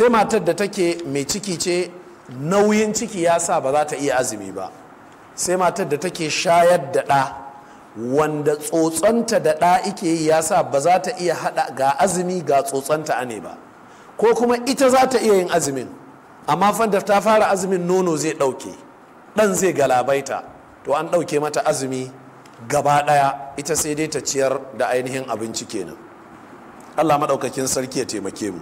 sai matar da take mai ciki ce nauyin ciki ya sa ba za ta iya azumi ba sai matar da take shayar da ɗa wanda tsotsonta da ɗa ike yi ya sa ba za ta iya haɗa ga azumi ga tsotsonta ne ba ko kuma ita za ta iya yin azumin amma fanda ta fara azumin nono zai ɗauke ɗan zai galabaita to an ɗauke mata azumi gaba ɗaya ita sai dai ta ciyar da ainihin abinci kenan allah maɗaukakin sarki ya taimake mu